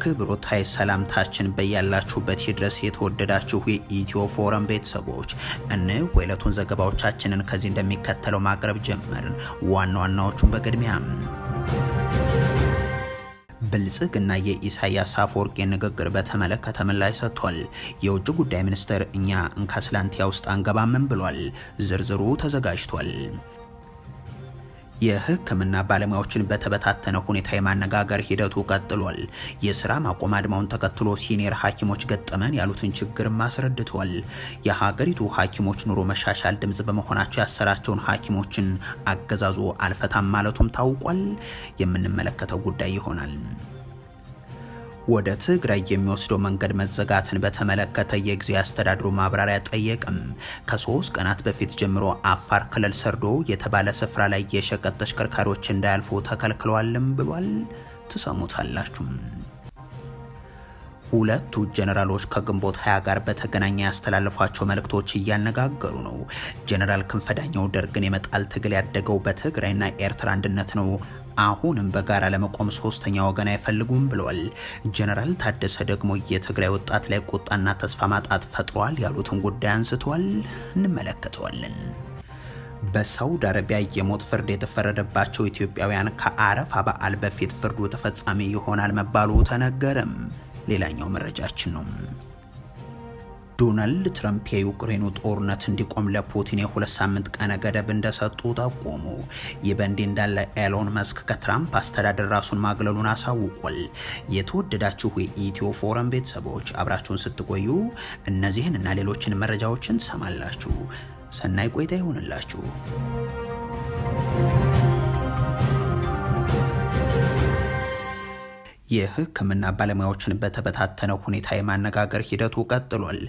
አክብሮታይ ሰላምታችን በያላችሁበት ይድረስ። የተወደዳችሁ የኢትዮ ፎረም ቤተሰቦች እነ ወይለቱን ዘገባዎቻችንን ከዚህ እንደሚከተለው ማቅረብ ጀመርን። ዋና ዋናዎቹን በቅድሚያ ብልጽግና የኢሳያስ አፈወርቂ ንግግር በተመለከተ ምላሽ ሰጥቷል። የውጭ ጉዳይ ሚኒስትር እኛ እንካስላንቲያ ውስጥ አንገባምን ብሏል። ዝርዝሩ ተዘጋጅቷል። የህክምና ባለሙያዎችን በተበታተነ ሁኔታ የማነጋገር ሂደቱ ቀጥሏል። የስራ ማቆም አድማውን ተከትሎ ሲኒየር ሐኪሞች ገጠመን ያሉትን ችግርም አስረድቷል። የሀገሪቱ ሐኪሞች ኑሮ መሻሻል ድምፅ በመሆናቸው ያሰራቸውን ሐኪሞችን አገዛዙ አልፈታም ማለቱም ታውቋል። የምንመለከተው ጉዳይ ይሆናል። ወደ ትግራይ የሚወስደው መንገድ መዘጋትን በተመለከተ የጊዜያዊ አስተዳድሩ ማብራሪያ ጠየቅም። ከሶስት ቀናት በፊት ጀምሮ አፋር ክልል ሰርዶ የተባለ ስፍራ ላይ የሸቀጥ ተሽከርካሪዎች እንዳያልፉ ተከልክለዋልም ብሏል። ትሰሙታላችሁ። ሁለቱ ጀነራሎች ከግንቦት ሀያ ጋር በተገናኘ ያስተላለፏቸው መልእክቶች እያነጋገሩ ነው። ጀነራል ክንፈዳኛው ደርግን የመጣል ትግል ያደገው በትግራይና ኤርትራ አንድነት ነው አሁንም በጋራ ለመቆም ሶስተኛ ወገን አይፈልጉም ብለዋል። ጀነራል ታደሰ ደግሞ የትግራይ ወጣት ላይ ቁጣና ተስፋ ማጣት ፈጥሯል ያሉትን ጉዳይ አንስተዋል። እንመለከተዋለን። በሳውዲ አረቢያ የሞት ፍርድ የተፈረደባቸው ኢትዮጵያውያን ከአረፋ በዓል በፊት ፍርዱ ተፈጻሚ ይሆናል መባሉ ተነገረም። ሌላኛው መረጃችን ነው። ዶናልድ ትራምፕ የዩክሬኑ ጦርነት እንዲቆም ለፑቲን የሁለት ሳምንት ቀነ ገደብ እንደሰጡ ጠቆሙ። ይህ በእንዲህ እንዳለ ኤሎን መስክ ከትራምፕ አስተዳደር ራሱን ማግለሉን አሳውቋል። የተወደዳችሁ የኢትዮ ፎረም ቤተሰቦች አብራችሁን ስትቆዩ እነዚህን እና ሌሎችን መረጃዎችን ትሰማላችሁ። ሰናይ ቆይታ ይሆንላችሁ። የህክምና ባለሙያዎችን በተበታተነው ሁኔታ የማነጋገር ሂደቱ ቀጥሏል።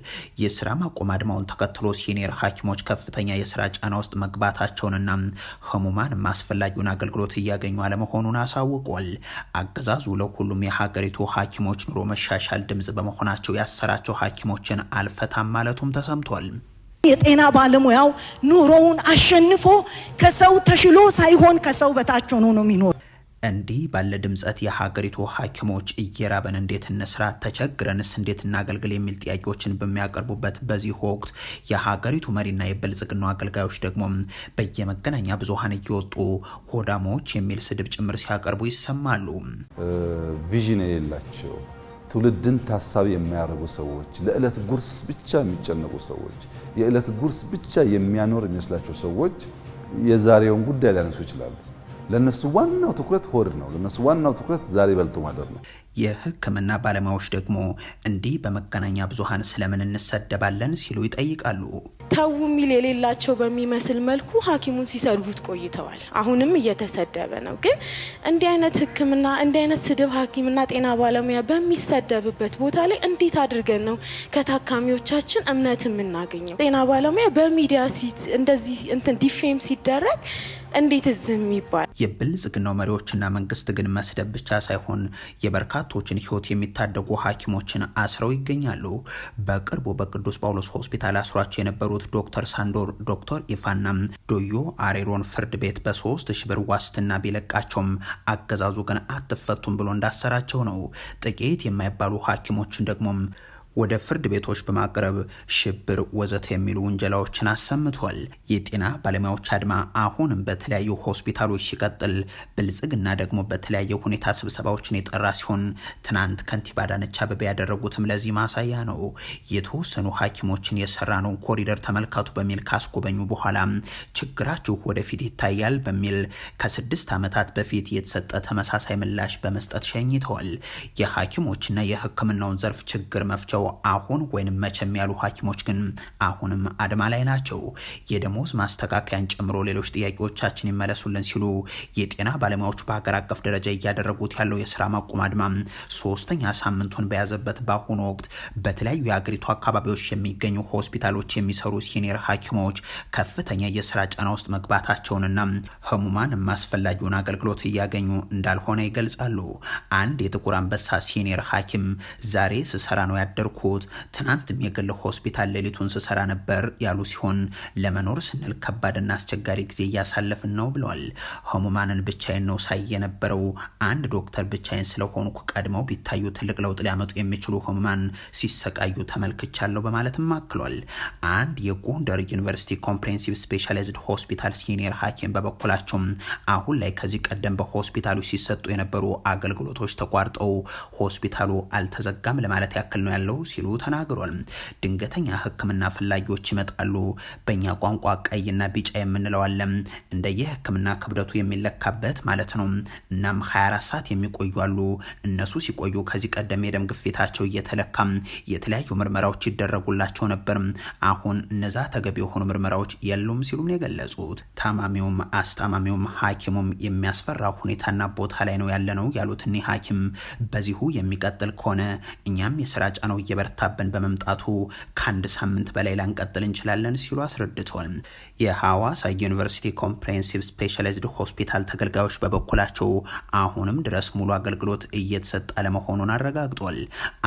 የስራ ማቆም አድማውን ተከትሎ ሲኒየር ሐኪሞች ከፍተኛ የስራ ጫና ውስጥ መግባታቸውንና ህሙማን አስፈላጊውን አገልግሎት እያገኙ አለመሆኑን አሳውቋል። አገዛዙ ለሁሉም የሀገሪቱ ሐኪሞች ኑሮ መሻሻል ድምጽ በመሆናቸው ያሰራቸው ሐኪሞችን አልፈታም ማለቱም ተሰምቷል። የጤና ባለሙያው ኑሮውን አሸንፎ ከሰው ተሽሎ ሳይሆን ከሰው በታች ሆኖ ነው የሚኖር እንዲህ ባለ ድምፀት የሀገሪቱ ሐኪሞች እየራበን እንዴት እንስራ ተቸግረንስ እንዴት እናገልግል የሚል ጥያቄዎችን በሚያቀርቡበት በዚህ ወቅት የሀገሪቱ መሪና የብልጽግና አገልጋዮች ደግሞ በየመገናኛ ብዙሀን እየወጡ ሆዳሞች የሚል ስድብ ጭምር ሲያቀርቡ ይሰማሉ። ቪዥን የሌላቸው ትውልድን ታሳቢ የማያደርጉ ሰዎች፣ ለዕለት ጉርስ ብቻ የሚጨነቁ ሰዎች፣ የዕለት ጉርስ ብቻ የሚያኖር የሚመስላቸው ሰዎች የዛሬውን ጉዳይ ሊያነሱ ይችላሉ። ለነሱ ዋናው ትኩረት ሆድ ነው። ለእነሱ ዋናው ትኩረት ዛሬ በልቶ ማደር ነው። የህክምና ባለሙያዎች ደግሞ እንዲህ በመገናኛ ብዙሃን ስለምን እንሰደባለን ሲሉ ይጠይቃሉ። ተው የሚል የሌላቸው በሚመስል መልኩ ሐኪሙን ሲሰድቡት ቆይተዋል። አሁንም እየተሰደበ ነው። ግን እንዲህ አይነት ህክምና እንዲህ አይነት ስድብ ሐኪምና ጤና ባለሙያ በሚሰደብበት ቦታ ላይ እንዴት አድርገን ነው ከታካሚዎቻችን እምነት የምናገኘው? ጤና ባለሙያ በሚዲያ እንደዚህ እንትን ዲፌም ሲደረግ እንዴት ዝም ይባል? የብልጽግናው መሪዎችና መንግስት ግን መስደብ ብቻ ሳይሆን የበርካ የበርካቶችን ህይወት የሚታደጉ ሐኪሞችን አስረው ይገኛሉ። በቅርቡ በቅዱስ ጳውሎስ ሆስፒታል አስሯቸው የነበሩት ዶክተር ሳንዶር ዶክተር ኢፋና ዶዮ አሬሮን ፍርድ ቤት በሶስት ሺ ብር ዋስትና ቢለቃቸውም አገዛዙ ግን አትፈቱም ብሎ እንዳሰራቸው ነው። ጥቂት የማይባሉ ሐኪሞችን ደግሞም ወደ ፍርድ ቤቶች በማቅረብ ሽብር ወዘተ የሚሉ ውንጀላዎችን አሰምቷል። የጤና ባለሙያዎች አድማ አሁንም በተለያዩ ሆስፒታሎች ሲቀጥል፣ ብልጽግና ደግሞ በተለያየ ሁኔታ ስብሰባዎችን የጠራ ሲሆን ትናንት ከንቲባ አዳነች አቤቤ ያደረጉትም ለዚህ ማሳያ ነው። የተወሰኑ ሐኪሞችን ነው ኮሪደር ተመልከቱ በሚል ካስጎበኙ በኋላ ችግራችሁ ወደፊት ይታያል በሚል ከስድስት ዓመታት በፊት የተሰጠ ተመሳሳይ ምላሽ በመስጠት ሸኝተዋል። የሐኪሞችና የሕክምናውን ዘርፍ ችግር መፍቻ ተብለው አሁን ወይንም መቼም ያሉ ሐኪሞች ግን አሁንም አድማ ላይ ናቸው። የደሞዝ ማስተካከያን ጨምሮ ሌሎች ጥያቄዎቻችን ይመለሱልን ሲሉ የጤና ባለሙያዎች በሀገር አቀፍ ደረጃ እያደረጉት ያለው የስራ ማቆም አድማ ሶስተኛ ሳምንቱን በያዘበት በአሁኑ ወቅት በተለያዩ የአገሪቱ አካባቢዎች የሚገኙ ሆስፒታሎች የሚሰሩ ሲኒየር ሐኪሞች ከፍተኛ የስራ ጫና ውስጥ መግባታቸውንና ህሙማን አስፈላጊውን አገልግሎት እያገኙ እንዳልሆነ ይገልጻሉ። አንድ የጥቁር አንበሳ ሲኒየር ሐኪም ዛሬ ስሰራ ነው ያደር የነበርኩት ትናንትም የግል ሆስፒታል ሌሊቱን ስሰራ ነበር ያሉ ሲሆን ለመኖር ስንል ከባድና አስቸጋሪ ጊዜ እያሳለፍን ነው ብለዋል። ህሙማንን ብቻዬን ነው ሳይ የነበረው። አንድ ዶክተር ብቻዬን ስለሆኑኩ ቀድመው ቢታዩ ትልቅ ለውጥ ሊያመጡ የሚችሉ ህሙማን ሲሰቃዩ ተመልክቻለሁ በማለትም አክሏል። አንድ የጎንደር ዩኒቨርሲቲ ኮምፕሬንሲቭ ስፔሻላይዝድ ሆስፒታል ሲኒየር ሐኪም በበኩላቸው አሁን ላይ ከዚህ ቀደም በሆስፒታሉ ሲሰጡ የነበሩ አገልግሎቶች ተቋርጠው ሆስፒታሉ አልተዘጋም ለማለት ያክል ነው ያለው ሲሉ ተናግሯል። ድንገተኛ ህክምና ፈላጊዎች ይመጣሉ። በእኛ ቋንቋ ቀይና ቢጫ የምንለው አለ። እንደየ ህክምና ክብደቱ የሚለካበት ማለት ነው። እናም 24 ሰዓት የሚቆዩ አሉ። እነሱ ሲቆዩ ከዚህ ቀደም የደም ግፊታቸው እየተለካ የተለያዩ ምርመራዎች ይደረጉላቸው ነበር። አሁን እነዛ ተገቢ የሆኑ ምርመራዎች የሉም ሲሉም የገለጹት ታማሚውም አስታማሚውም ሐኪሙም የሚያስፈራ ሁኔታና ቦታ ላይ ነው ያለነው ያሉት እኒህ ሐኪም በዚሁ የሚቀጥል ከሆነ እኛም የስራ ጫነው እየበረታብን በመምጣቱ ከአንድ ሳምንት በላይ ላንቀጥል እንችላለን ሲሉ አስረድቷል። የሐዋሳ ዩኒቨርሲቲ ኮምፕሬሄንሲቭ ስፔሻላይዝድ ሆስፒታል ተገልጋዮች በበኩላቸው አሁንም ድረስ ሙሉ አገልግሎት እየተሰጠ አለመሆኑን አረጋግጧል።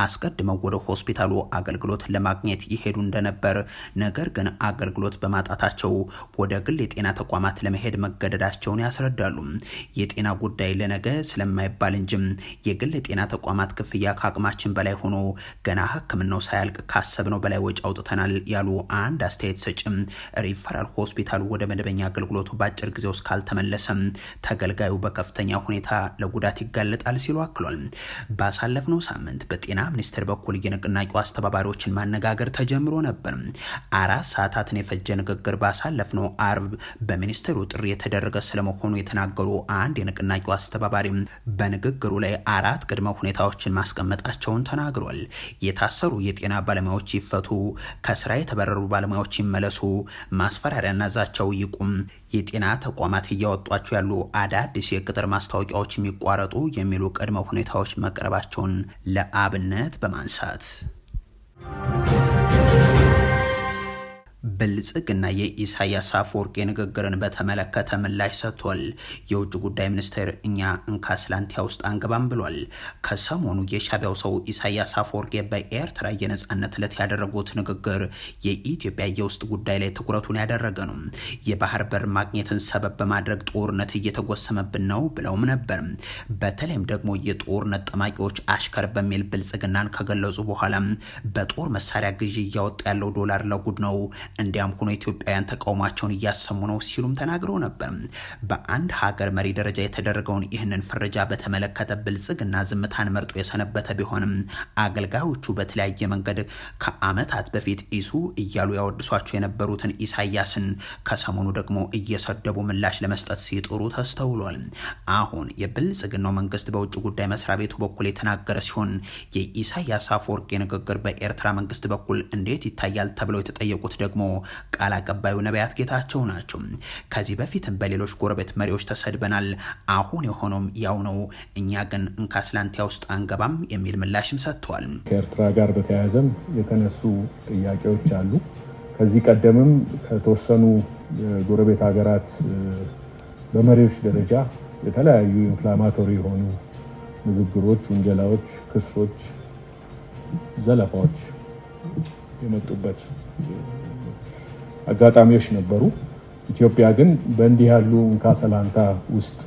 አስቀድመው ወደ ሆስፒታሉ አገልግሎት ለማግኘት ይሄዱ እንደነበር፣ ነገር ግን አገልግሎት በማጣታቸው ወደ ግል የጤና ተቋማት ለመሄድ መገደዳቸውን ያስረዳሉ። የጤና ጉዳይ ለነገ ስለማይባል እንጂም የግል የጤና ተቋማት ክፍያ ከአቅማችን በላይ ሆኖ ገና ሕክምናው ሳያልቅ ካሰብነው በላይ ወጪ አውጥተናል ያሉ አንድ አስተያየት ሰጭም ሪፈራል ሆስፒታሉ ወደ መደበኛ አገልግሎቱ በአጭር ጊዜ ውስጥ ካልተመለሰም ተገልጋዩ በከፍተኛ ሁኔታ ለጉዳት ይጋለጣል ሲሉ አክሏል። ባሳለፍነው ሳምንት በጤና ሚኒስቴር በኩል የንቅናቄው አስተባባሪዎችን ማነጋገር ተጀምሮ ነበር። አራት ሰዓታትን የፈጀ ንግግር ባሳለፍነው አርብ በሚኒስቴሩ ጥሪ የተደረገ ስለመሆኑ የተናገሩ አንድ የንቅናቄው አስተባባሪ በንግግሩ ላይ አራት ቅድመ ሁኔታዎችን ማስቀመጣቸውን ተናግሯል። የታሰሩ የጤና ባለሙያዎች ይፈቱ፣ ከስራ የተበረሩ ባለሙያዎች ይመለሱ፣ ማስፈራሪያ ግድያና ይቁም፣ የጤና ተቋማት እያወጧቸው ያሉ አዳዲስ የቅጥር ማስታወቂያዎች የሚቋረጡ የሚሉ ቅድመ ሁኔታዎች መቅረባቸውን ለአብነት በማንሳት ብልጽግና የኢሳያስ አፈወርቂ ንግግርን በተመለከተ ምላሽ ሰጥቷል። የውጭ ጉዳይ ሚኒስቴር እኛ እንካ ውስጥ አንገባም ብሏል። ከሰሞኑ የሻቢያው ሰው ኢሳያስ አፈወርቂ በኤርትራ የነጻነት ዕለት ያደረጉት ንግግር የኢትዮጵያ የውስጥ ጉዳይ ላይ ትኩረቱን ያደረገ ነው። የባህር በር ማግኘትን ሰበብ በማድረግ ጦርነት እየተጎሰመብን ነው ብለውም ነበር። በተለይም ደግሞ የጦርነት ጠማቂዎች አሽከር በሚል ብልጽግናን ከገለጹ በኋላ በጦር መሳሪያ ግዢ እያወጣ ያለው ዶላር ለጉድ ነው እንዲያም ሆኖ ኢትዮጵያውያን ተቃውሟቸውን እያሰሙ ነው ሲሉም ተናግረው ነበር። በአንድ ሀገር መሪ ደረጃ የተደረገውን ይህንን ፍረጃ በተመለከተ ብልጽግና ዝምታን መርጦ የሰነበተ ቢሆንም አገልጋዮቹ በተለያየ መንገድ ከአመታት በፊት ኢሱ እያሉ ያወድሷቸው የነበሩትን ኢሳያስን ከሰሞኑ ደግሞ እየሰደቡ ምላሽ ለመስጠት ሲጥሩ ተስተውሏል። አሁን የብልጽግናው መንግስት በውጭ ጉዳይ መስሪያ ቤቱ በኩል የተናገረ ሲሆን የኢሳያስ አፈወርቂ ንግግር በኤርትራ መንግስት በኩል እንዴት ይታያል ተብለው የተጠየቁት ደግሞ ቃል አቀባዩ ነቢያት ጌታቸው ናቸው። ከዚህ በፊትም በሌሎች ጎረቤት መሪዎች ተሰድበናል። አሁን የሆነውም ያው ነው። እኛ ግን እንካስላንቲያ ውስጥ አንገባም የሚል ምላሽም ሰጥተዋል። ከኤርትራ ጋር በተያያዘም የተነሱ ጥያቄዎች አሉ። ከዚህ ቀደምም ከተወሰኑ ጎረቤት ሀገራት በመሪዎች ደረጃ የተለያዩ ኢንፍላማቶሪ የሆኑ ንግግሮች፣ ውንጀላዎች፣ ክሶች፣ ዘለፋዎች የመጡበት አጋጣሚዎች ነበሩ። ኢትዮጵያ ግን በእንዲህ ያሉ እንካ ውስጥ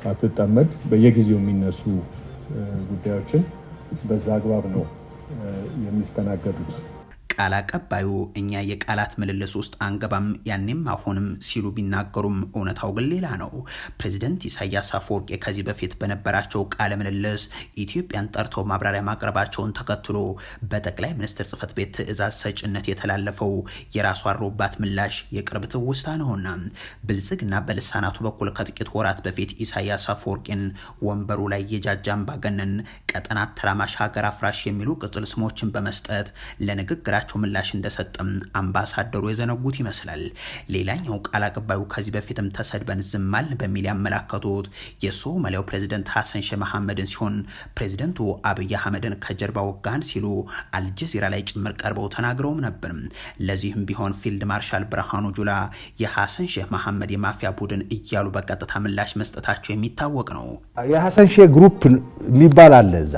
ሳትጠመድ በየጊዜው የሚነሱ ጉዳዮችን በዛ አግባብ ነው የሚስተናገዱት። ቃል አቀባዩ እኛ የቃላት ምልልስ ውስጥ አንገባም ያኔም አሁንም ሲሉ ቢናገሩም እውነታው ግን ሌላ ነው። ፕሬዚደንት ኢሳያስ አፈወርቄ ከዚህ በፊት በነበራቸው ቃለ ምልልስ ኢትዮጵያን ጠርተው ማብራሪያ ማቅረባቸውን ተከትሎ በጠቅላይ ሚኒስትር ጽህፈት ቤት ትዕዛዝ ሰጭነት የተላለፈው የራሱ አሮባት ምላሽ የቅርብ ትውስታ ነውና ብልጽግና በልሳናቱ በኩል ከጥቂት ወራት በፊት ኢሳያስ አፈወርቄን ወንበሩ ላይ የጃጃ አምባገነን፣ ቀጠና ተራማሽ፣ ሀገር አፍራሽ የሚሉ ቅጽል ስሞችን በመስጠት ለንግግራቸው ለጥያቄያቸው ምላሽ እንደሰጠም አምባሳደሩ የዘነጉት ይመስላል። ሌላኛው ቃል አቀባዩ ከዚህ በፊትም ተሰድበን ዝማል በሚል ያመላከቱት የሶማሊያው ፕሬዚደንት ሐሰን ሼህ መሐመድን ሲሆን ፕሬዚደንቱ አብይ አህመድን ከጀርባ ወጋን ሲሉ አልጀዚራ ላይ ጭምር ቀርበው ተናግረውም ነበር። ለዚህም ቢሆን ፊልድ ማርሻል ብርሃኑ ጁላ የሐሰን ሼህ መሐመድ የማፊያ ቡድን እያሉ በቀጥታ ምላሽ መስጠታቸው የሚታወቅ ነው። የሐሰን ሼህ ግሩፕ የሚባል አለ እዛ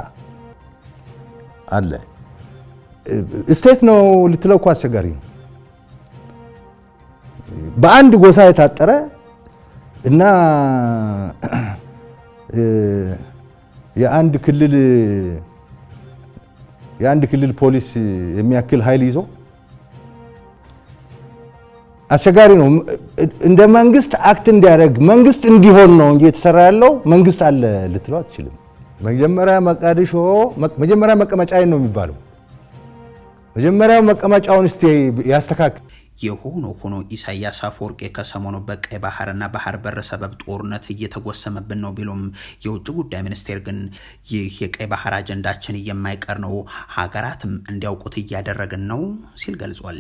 አለ ስቴት ነው ልትለው እኮ አስቸጋሪ ነው። በአንድ ጎሳ የታጠረ እና የአንድ ክልል የአንድ ክልል ፖሊስ የሚያክል ኃይል ይዞ አስቸጋሪ ነው። እንደ መንግስት አክት እንዲያደርግ መንግስት እንዲሆን ነው እንጂ የተሰራ ያለው መንግስት አለ ልትለው አትችልም። መጀመሪያ መቃዲሾ መጀመሪያ መቀመጫዬን ነው የሚባለው መጀመሪያው መቀመጫውን እስቲ ያስተካክል። የሆኖ ሆኖ ኢሳያስ አፈወርቄ ከሰሞኑ በቀይ ባህርና ባህር በር ሰበብ ጦርነት እየተጎሰመብን ነው ቢሉም የውጭ ጉዳይ ሚኒስቴር ግን ይህ የቀይ ባህር አጀንዳችን የማይቀር ነው፣ ሀገራትም እንዲያውቁት እያደረግን ነው ሲል ገልጿል።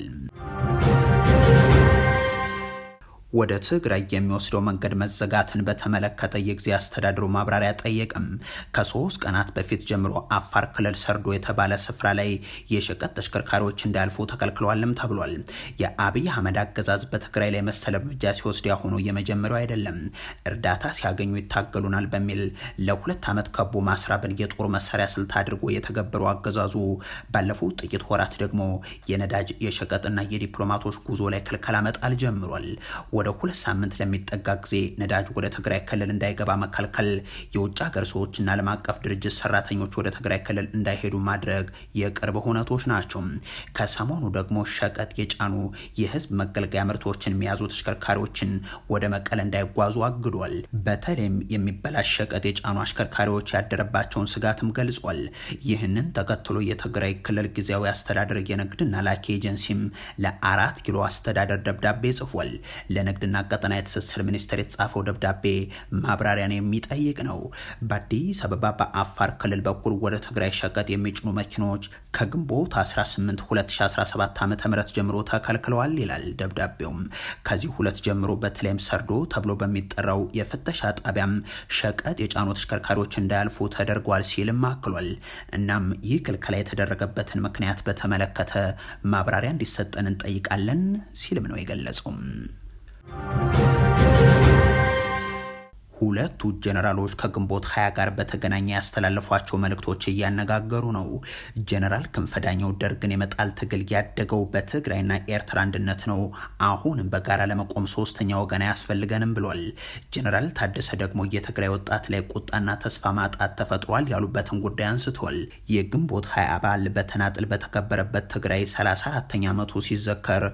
ወደ ትግራይ የሚወስደው መንገድ መዘጋትን በተመለከተ የጊዜ አስተዳደሩ ማብራሪያ ጠየቅም። ከሶስት ቀናት በፊት ጀምሮ አፋር ክልል ሰርዶ የተባለ ስፍራ ላይ የሸቀጥ ተሽከርካሪዎች እንዳያልፉ ተከልክለዋልም ተብሏል። የአብይ አህመድ አገዛዝ በትግራይ ላይ መሰለ እርምጃ ሲወስድ ያሁኑ የመጀመሪያው አይደለም። እርዳታ ሲያገኙ ይታገሉናል በሚል ለሁለት ዓመት ከቦ ማስራብን የጦር መሳሪያ ስልት አድርጎ የተገበረው አገዛዙ ባለፉት ጥቂት ወራት ደግሞ የነዳጅ የሸቀጥና የዲፕሎማቶች ጉዞ ላይ ክልከላ መጣል ጀምሯል። ወደ ሁለት ሳምንት ለሚጠጋ ጊዜ ነዳጅ ወደ ትግራይ ክልል እንዳይገባ መከልከል፣ የውጭ ሀገር ሰዎችና ዓለም አቀፍ ድርጅት ሰራተኞች ወደ ትግራይ ክልል እንዳይሄዱ ማድረግ የቅርብ ሁነቶች ናቸው። ከሰሞኑ ደግሞ ሸቀጥ የጫኑ የህዝብ መገልገያ ምርቶችን የያዙ ተሽከርካሪዎችን ወደ መቀለ እንዳይጓዙ አግዷል። በተለይም የሚበላሽ ሸቀጥ የጫኑ አሽከርካሪዎች ያደረባቸውን ስጋትም ገልጿል። ይህንን ተከትሎ የትግራይ ክልል ጊዜያዊ አስተዳደር የንግድና ላኪ ኤጀንሲም ለአራት ኪሎ አስተዳደር ደብዳቤ ጽፏል። ንግድና ቀጠና የትስስር ሚኒስቴር የተጻፈው ደብዳቤ ማብራሪያን የሚጠይቅ ነው። በአዲስ አበባ በአፋር ክልል በኩል ወደ ትግራይ ሸቀጥ የሚጭኑ መኪኖች ከግንቦት 18 2017 ዓ ም ጀምሮ ተከልክለዋል ይላል ደብዳቤውም። ከዚህ ሁለት ጀምሮ በተለይም ሰርዶ ተብሎ በሚጠራው የፍተሻ ጣቢያም ሸቀጥ የጫኑ ተሽከርካሪዎች እንዳያልፉ ተደርጓል ሲልም አክሏል። እናም ይህ ክልከላ የተደረገበትን ምክንያት በተመለከተ ማብራሪያ እንዲሰጠን እንጠይቃለን ሲልም ነው የገለጹም። ሁለቱ ጀነራሎች ከግንቦት ሀያ ጋር በተገናኘ ያስተላለፏቸው መልእክቶች እያነጋገሩ ነው። ጀነራል ክንፈዳኛው ደርግን የመጣል ትግል ያደገው በትግራይና ኤርትራ አንድነት ነው፣ አሁንም በጋራ ለመቆም ሶስተኛ ወገን አያስፈልገንም ብሏል። ጀነራል ታደሰ ደግሞ የትግራይ ወጣት ላይ ቁጣና ተስፋ ማጣት ተፈጥሯል ያሉበትን ጉዳይ አንስቷል። የግንቦት ሀያ አባል በተናጥል በተከበረበት ትግራይ 34ተኛ ዓመቱ ሲዘከር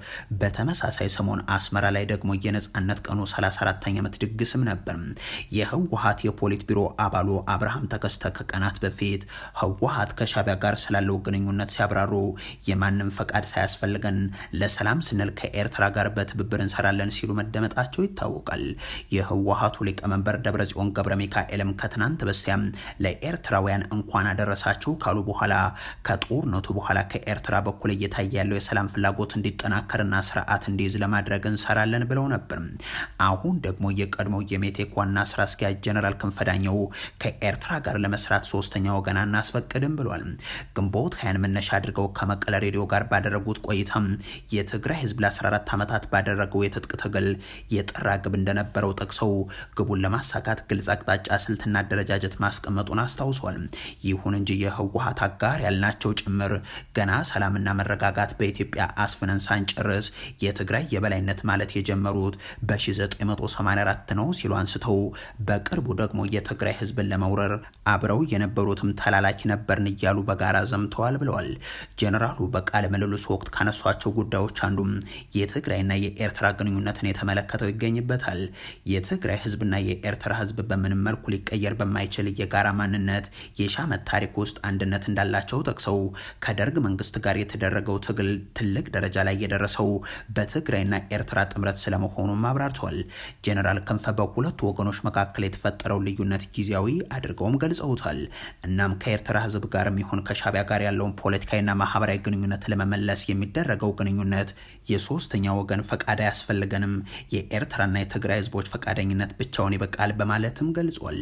በተመሳሳይ ሰሞን አስመራ ላይ ደግሞ የነጻነት ቀኑ 34ተኛ ዓመት ድግስም ነበር። የህወሀት የፖሊት ቢሮ አባሉ አብርሃም ተከስተ ከቀናት በፊት ህወሀት ከሻቢያ ጋር ስላለው ግንኙነት ሲያብራሩ የማንም ፈቃድ ሳያስፈልገን ለሰላም ስንል ከኤርትራ ጋር በትብብር እንሰራለን ሲሉ መደመጣቸው ይታወቃል። የህወሀቱ ሊቀመንበር ደብረጽዮን ገብረ ሚካኤልም ከትናንት በስቲያም ለኤርትራውያን እንኳን አደረሳችሁ ካሉ በኋላ ከጦርነቱ በኋላ ከኤርትራ በኩል እየታየ ያለው የሰላም ፍላጎት እንዲጠናከርና ስርዓት እንዲይዝ ለማድረግ እንሰራለን ብለው ነበር። አሁን ደግሞ የቀድሞው የሜቴክ ዋና ስራ አስኪያጅ ጀነራል ክንፈዳኘው ከኤርትራ ጋር ለመስራት ሶስተኛ ወገን አናስፈቅድም ብሏል። ግንቦት ሀያን መነሻ አድርገው ከመቀለ ሬዲዮ ጋር ባደረጉት ቆይታ የትግራይ ህዝብ ለ14 ዓመታት ባደረገው የትጥቅ ትግል የጠራ ግብ እንደነበረው ጠቅሰው ግቡን ለማሳካት ግልጽ አቅጣጫ፣ ስልትና አደረጃጀት ማስቀመጡን አስታውሷል። ይሁን እንጂ የህወሀት አጋር ያልናቸው ጭምር ገና ሰላምና መረጋጋት በኢትዮጵያ አስፍነን ሳንጨርስ የትግራይ የበላይነት ማለት የጀመሩት በ1984 ነው ሲሉ አንስተው በቅርቡ ደግሞ የትግራይ ህዝብን ለመውረር አብረው የነበሩትም ተላላኪ ነበርን እያሉ በጋራ ዘምተዋል ብለዋል። ጀኔራሉ በቃለ ምልልስ ወቅት ካነሷቸው ጉዳዮች አንዱም የትግራይና የኤርትራ ግንኙነትን የተመለከተው ይገኝበታል። የትግራይ ህዝብና የኤርትራ ህዝብ በምንም መልኩ ሊቀየር በማይችል የጋራ ማንነት የሻመት ታሪክ ውስጥ አንድነት እንዳላቸው ጠቅሰው ከደርግ መንግስት ጋር የተደረገው ትግል ትልቅ ደረጃ ላይ የደረሰው በትግራይና ኤርትራ ጥምረት ስለመሆኑም አብራርተዋል። ጀኔራል ክንፈ በሁለቱ ወገኖች ወገኖች መካከል የተፈጠረው ልዩነት ጊዜያዊ አድርገውም ገልጸውታል። እናም ከኤርትራ ህዝብ ጋር የሚሆን ከሻቢያ ጋር ያለውን ፖለቲካዊና ማህበራዊ ግንኙነት ለመመለስ የሚደረገው ግንኙነት የሶስተኛ ወገን ፈቃድ አያስፈልገንም፣ የኤርትራና የትግራይ ህዝቦች ፈቃደኝነት ብቻውን ይበቃል በማለትም ገልጿል።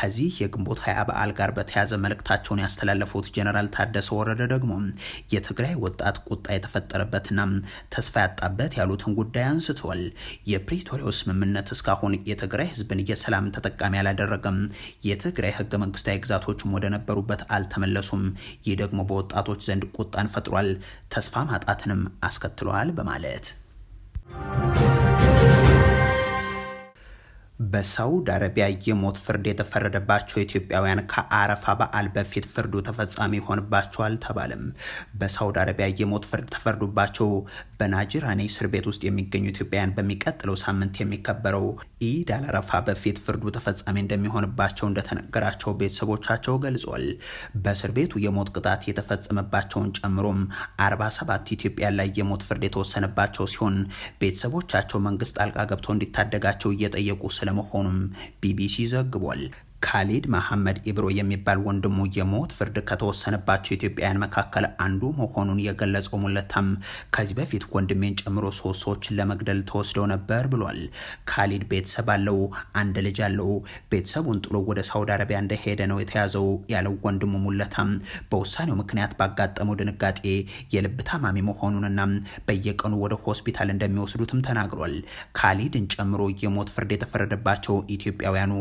ከዚህ የግንቦት ሀያ በዓል ጋር በተያያዘ መልእክታቸውን ያስተላለፉት ጀነራል ታደሰ ወረደ ደግሞ የትግራይ ወጣት ቁጣ የተፈጠረበትና ተስፋ ያጣበት ያሉትን ጉዳይ አንስተዋል። የፕሪቶሪያው ስምምነት እስካሁን የትግራይ ህዝብን የሰላም ተጠቃሚ አላደረገም። የትግራይ ህገ መንግስታዊ ግዛቶችም ወደ ነበሩበት አልተመለሱም። ይህ ደግሞ በወጣቶች ዘንድ ቁጣን ፈጥሯል፣ ተስፋ ማጣትንም አስከትሏል በማለት በሳውዲ አረቢያ የሞት ፍርድ የተፈረደባቸው ኢትዮጵያውያን ከአረፋ በዓል በፊት ፍርዱ ተፈጻሚ ይሆንባቸዋል ተባለም። በሳውዲ አረቢያ የሞት ፍርድ ተፈርዶባቸው በናጅራኔ እስር ቤት ውስጥ የሚገኙ ኢትዮጵያውያን በሚቀጥለው ሳምንት የሚከበረው ኢድ አልአረፋ በፊት ፍርዱ ተፈጻሚ እንደሚሆንባቸው እንደተነገራቸው ቤተሰቦቻቸው ገልጿል። በእስር ቤቱ የሞት ቅጣት የተፈጸመባቸውን ጨምሮም 47 ኢትዮጵያ ላይ የሞት ፍርድ የተወሰነባቸው ሲሆን ቤተሰቦቻቸው መንግስት ጣልቃ ገብቶ እንዲታደጋቸው እየጠየቁ ስለመሆኑም ቢቢሲ ዘግቧል። ካሊድ መሐመድ ኢብሮ የሚባል ወንድሙ የሞት ፍርድ ከተወሰነባቸው ኢትዮጵያውያን መካከል አንዱ መሆኑን የገለጸው ሙለታም ከዚህ በፊት ወንድሜን ጨምሮ ሶስት ሰዎችን ለመግደል ተወስደው ነበር ብሏል። ካሊድ ቤተሰብ አለው፣ አንድ ልጅ አለው። ቤተሰቡን ጥሎ ወደ ሳውዲ አረቢያ እንደሄደ ነው የተያዘው ያለው ወንድሙ ሙለታም በውሳኔው ምክንያት ባጋጠመው ድንጋጤ የልብ ታማሚ መሆኑንና በየቀኑ ወደ ሆስፒታል እንደሚወስዱትም ተናግሯል። ካሊድን ጨምሮ የሞት ፍርድ የተፈረደባቸው ኢትዮጵያውያኑ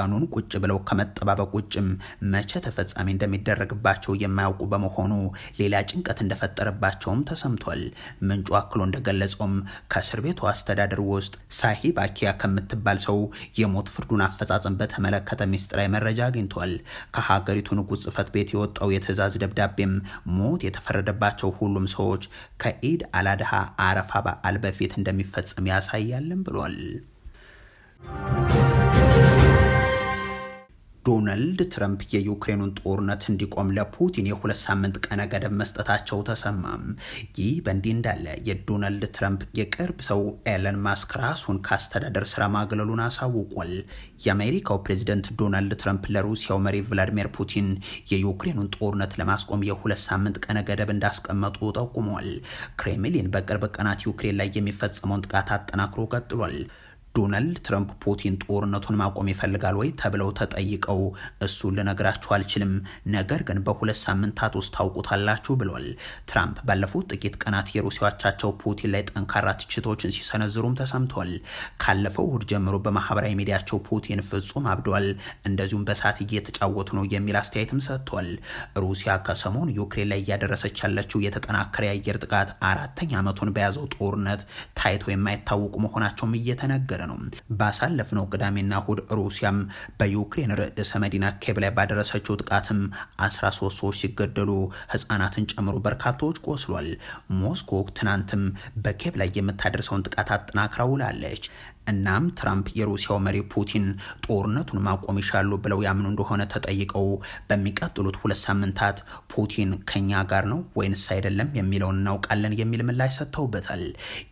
ቀኑን ቁጭ ብለው ከመጠባበቅ ውጭም መቼ ተፈጻሚ እንደሚደረግባቸው የማያውቁ በመሆኑ ሌላ ጭንቀት እንደፈጠረባቸውም ተሰምቷል። ምንጩ አክሎ እንደገለጸውም ከእስር ቤቱ አስተዳደር ውስጥ ሳሂብ አኪያ ከምትባል ሰው የሞት ፍርዱን አፈጻጸም በተመለከተ ሚስጥራዊ መረጃ አግኝቷል። ከሀገሪቱ ንጉሥ ጽሕፈት ቤት የወጣው የትዕዛዝ ደብዳቤም ሞት የተፈረደባቸው ሁሉም ሰዎች ከኢድ አላድሃ አረፋ በዓል በፊት እንደሚፈጸም ያሳያልም ብሏል። ዶናልድ ትረምፕ የዩክሬኑን ጦርነት እንዲቆም ለፑቲን የሁለት ሳምንት ቀነ ገደብ መስጠታቸው ተሰማም። ይህ በእንዲህ እንዳለ የዶናልድ ትረምፕ የቅርብ ሰው ኤለን ማስክ ራሱን ከአስተዳደር ስራ ማግለሉን አሳውቋል። የአሜሪካው ፕሬዚደንት ዶናልድ ትረምፕ ለሩሲያው መሪ ቭላዲሚር ፑቲን የዩክሬኑን ጦርነት ለማስቆም የሁለት ሳምንት ቀነ ገደብ እንዳስቀመጡ ጠቁሟል። ክሬምሊን በቅርብ ቀናት ዩክሬን ላይ የሚፈጸመውን ጥቃት አጠናክሮ ቀጥሏል። ዶናልድ ትራምፕ ፑቲን ጦርነቱን ማቆም ይፈልጋል ወይ ተብለው ተጠይቀው እሱን ልነግራችሁ አልችልም፣ ነገር ግን በሁለት ሳምንታት ውስጥ ታውቁታላችሁ ብሏል። ትራምፕ ባለፉት ጥቂት ቀናት የሩሲያዎቻቸው ፑቲን ላይ ጠንካራ ትችቶችን ሲሰነዝሩም ተሰምተዋል። ካለፈው እሁድ ጀምሮ በማህበራዊ ሚዲያቸው ፑቲን ፍጹም አብዷል፣ እንደዚሁም በሳት እየተጫወቱ ነው የሚል አስተያየትም ሰጥቷል። ሩሲያ ከሰሞኑ ዩክሬን ላይ እያደረሰች ያለችው የተጠናከረ የአየር ጥቃት አራተኛ ዓመቱን በያዘው ጦርነት ታይቶ የማይታወቁ መሆናቸውም እየተነገረ እየተካሄደ ነው። ባሳለፍነው ቅዳሜና እሁድ ሩሲያም በዩክሬን ርዕሰ መዲና ኬብ ላይ ባደረሰችው ጥቃትም 13 ሰዎች ሲገደሉ ህጻናትን ጨምሮ በርካታዎች ቆስሏል። ሞስኮ ትናንትም በኬብ ላይ የምታደርሰውን ጥቃት አጠናክራ ውላለች። እናም ትራምፕ የሩሲያው መሪ ፑቲን ጦርነቱን ማቆም ይሻሉ ብለው ያምኑ እንደሆነ ተጠይቀው በሚቀጥሉት ሁለት ሳምንታት ፑቲን ከኛ ጋር ነው ወይንስ አይደለም የሚለውን እናውቃለን የሚል ምላሽ ሰጥተውበታል።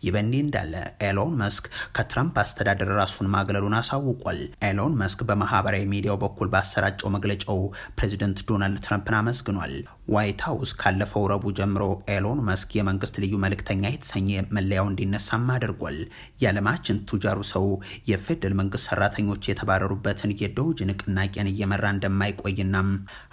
ይህ በእንዲህ እንዳለ ኤሎን መስክ ከትራምፕ አስተዳደር ራሱን ማግለሉን አሳውቋል። ኤሎን መስክ በማህበራዊ ሚዲያው በኩል ባሰራጨው መግለጫው ፕሬዚደንት ዶናልድ ትራምፕን አመስግኗል። ዋይት ሀውስ ካለፈው ረቡዕ ጀምሮ ኤሎን መስክ የመንግስት ልዩ መልእክተኛ የተሰኘ መለያው እንዲነሳም አድርጓል። የዓለማችን ቱጃሩ ሰው የፌደራል መንግስት ሰራተኞች የተባረሩበትን የዶጅ ንቅናቄን እየመራ እንደማይቆይናም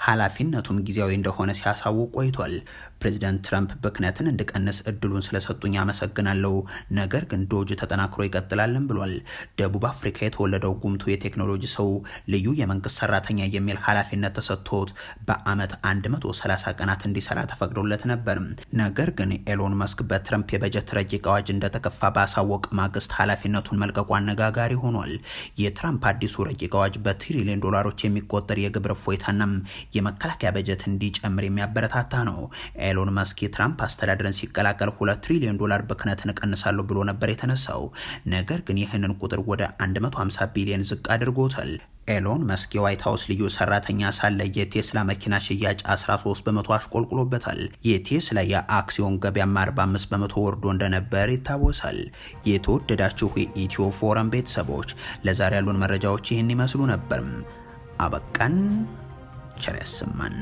ኃላፊነቱም ጊዜያዊ እንደሆነ ሲያሳውቅ ቆይቷል። ፕሬዚደንት ትራምፕ ብክነትን እንድቀንስ እድሉን ስለሰጡኝ አመሰግናለሁ፣ ነገር ግን ዶጅ ተጠናክሮ ይቀጥላልን ብሏል። ደቡብ አፍሪካ የተወለደው ጉምቱ የቴክኖሎጂ ሰው ልዩ የመንግስት ሰራተኛ የሚል ኃላፊነት ተሰጥቶት በአመት 130 ለ30 ቀናት እንዲሰራ ተፈቅዶለት ነበር። ነገር ግን ኤሎን መስክ በትረምፕ የበጀት ረቂቅ አዋጅ እንደተከፋ ባሳወቅ ማግስት ኃላፊነቱን መልቀቁ አነጋጋሪ ሆኗል። የትራምፕ አዲሱ ረቂቅ አዋጅ በትሪሊዮን ዶላሮች የሚቆጠር የግብር እፎይታናም የመከላከያ በጀት እንዲጨምር የሚያበረታታ ነው። ኤሎን መስክ የትራምፕ አስተዳደርን ሲቀላቀል ሁለት ትሪሊዮን ዶላር ብክነትን እቀንሳለሁ ብሎ ነበር የተነሳው። ነገር ግን ይህንን ቁጥር ወደ 150 ቢሊዮን ዝቅ አድርጎታል። ኤሎን መስክ የዋይት ሀውስ ልዩ ሰራተኛ ሳለ የቴስላ መኪና ሽያጭ 13 በመቶ አሽቆልቁሎበታል። የቴስላ የአክሲዮን ገበያም 45 በመቶ ወርዶ እንደነበር ይታወሳል። የተወደዳችሁ የኢትዮ ፎረም ቤተሰቦች ለዛሬ ያሉን መረጃዎች ይህን ይመስሉ ነበር። አበቃን። ቸር ያሰማን።